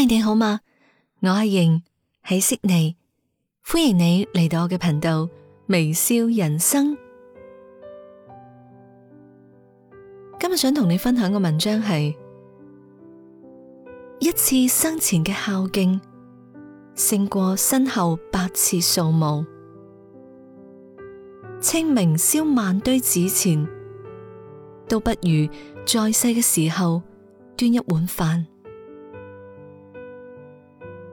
大家、hey, 好嘛，我係瑩喺悉尼，歡迎你嚟到我嘅頻道微笑人生。今日想同你分享嘅文章係一次生前嘅孝敬勝過身後百次掃墓。清明燒萬堆紙錢，都不如在世嘅時候端一碗飯。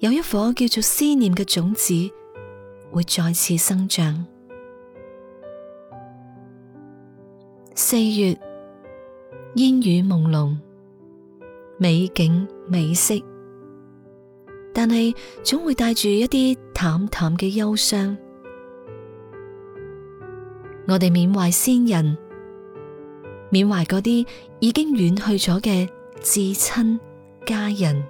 有一顆叫做思念嘅種子會再次生長。四月，煙雨朦朧，美景美色，但係總會帶住一啲淡淡嘅憂傷。我哋緬懷先人，緬懷嗰啲已經遠去咗嘅至親家人。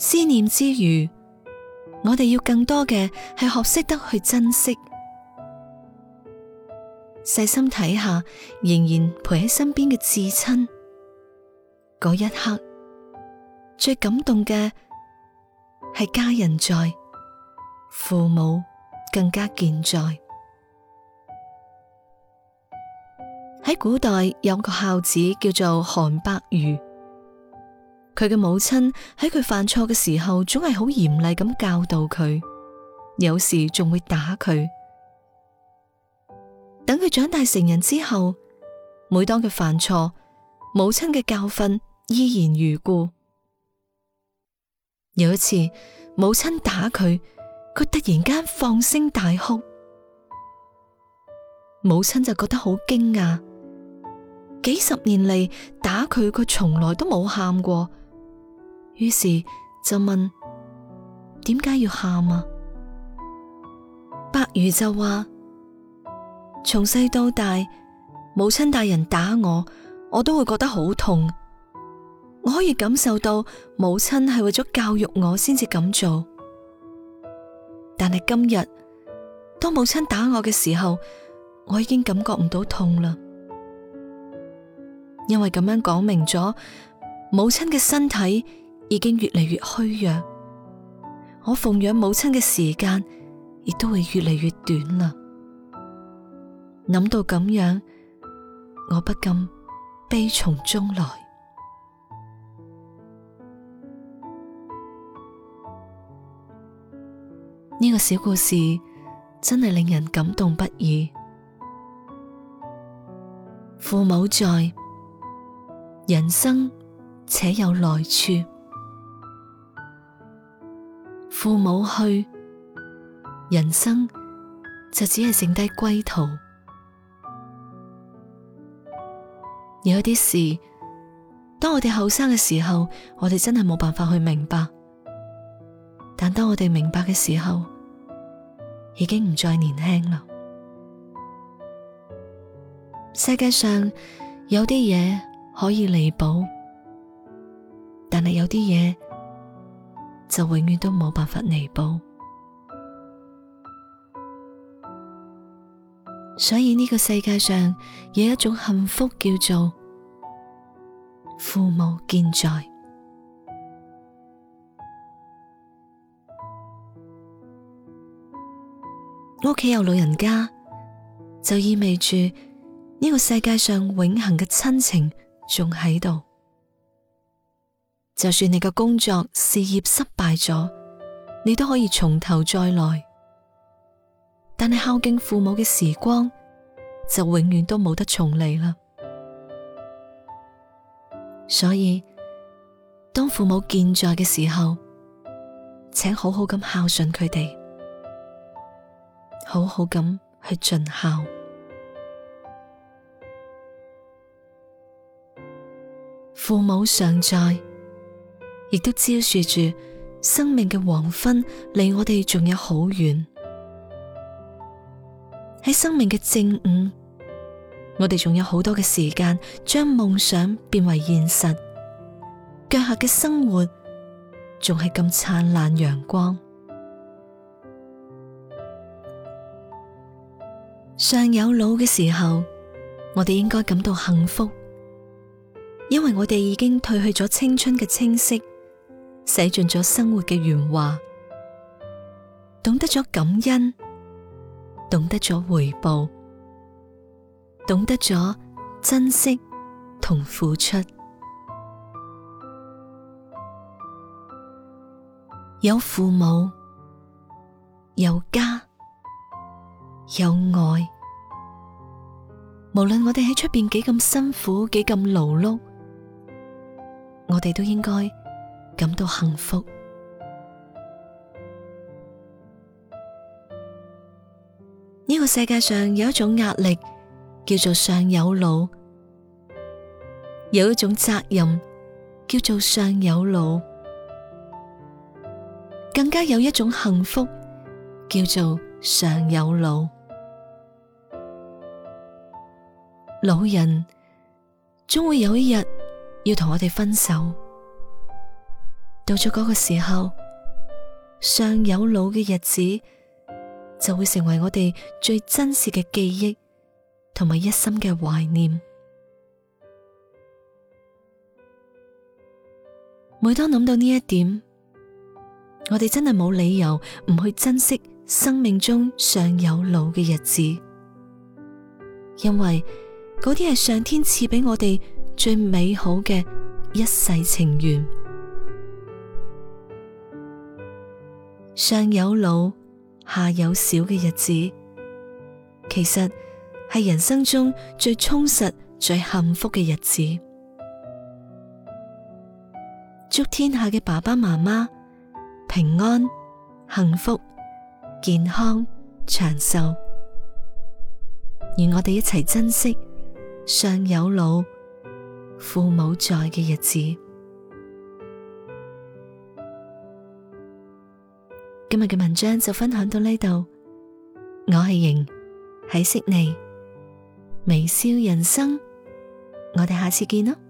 思念之餘，我哋要更多嘅係學識得去珍惜，細心睇下，仍然陪喺身邊嘅至親。嗰一刻最感動嘅係家人在，父母更加健在。喺古代有個孝子叫做韓伯瑜。佢嘅母親喺佢犯錯嘅時候，總係好嚴厲咁教導佢，有時仲會打佢。等佢長大成人之後，每當佢犯錯，母親嘅教訓依然如故。有一次，母親打佢，佢突然間放聲大哭，母親就覺得好驚訝。幾十年嚟，打佢，佢從來都冇喊過。於是就問點解要喊啊？伯魚就話：從細到大，母親大人打我，我都會覺得好痛。我可以感受到母親係為咗教育我先至咁做。但係今日，當母親打我嘅時候，我已經感覺唔到痛啦，因為咁樣講明咗母親嘅身體。已經越嚟越虛弱，我奉養母親嘅時間亦都會越嚟越短啦。諗到咁樣，我不禁悲從中來。呢個小故事真係令人感動不已。父母在，人生且有來處。父母去，人生就只係剩低歸途。有啲事，當我哋後生嘅時候，我哋真係冇辦法去明白。但當我哋明白嘅時候，已經唔再年輕啦。世界上有啲嘢可以彌補，但係有啲嘢。就永遠都冇辦法彌補，所以呢個世界上有一種幸福叫做父母健在。屋企有老人家，就意味住呢個世界上永恒嘅親情仲喺度。就算你嘅工作事業失敗咗，你都可以從頭再來，但係孝敬父母嘅時光就永遠都冇得重嚟啦。所以，當父母健在嘅時候，請好好咁孝順佢哋，好好咁去盡孝。父母尚在。亦都昭示住生命嘅黃昏離我哋仲有好遠。喺生命嘅正午，我哋仲有好多嘅時間將夢想變為現實。腳下嘅生活仲係咁燦爛陽光。上有老嘅時候，我哋應該感到幸福，因為我哋已經褪去咗青春嘅清晰。使盡咗生活嘅圓話，懂得咗感恩，懂得咗回報，懂得咗珍惜同付出。有父母，有家，有愛。無論我哋喺出邊幾咁辛苦，幾咁勞碌，我哋都應該。感到幸福。呢個世界上有一種壓力叫做上有老，有一種責任叫做上有老，更加有一種幸福叫做上有老。老人總會有一日要同我哋分手。到咗嗰個時候，上有老嘅日子就會成為我哋最真實嘅記憶，同埋一心嘅懷念。每當諗到呢一點，我哋真係冇理由唔去珍惜生命中上有老嘅日子，因為嗰啲係上天賜俾我哋最美好嘅一世情緣。上有老，下有小嘅日子，其實係人生中最充實、最幸福嘅日子。祝天下嘅爸爸媽媽平安、幸福、健康、長壽，願我哋一齊珍惜上有老、父母在嘅日子。今日嘅文章就分享到呢度，我係瑩，喺悉尼微笑人生，我哋下次見囉。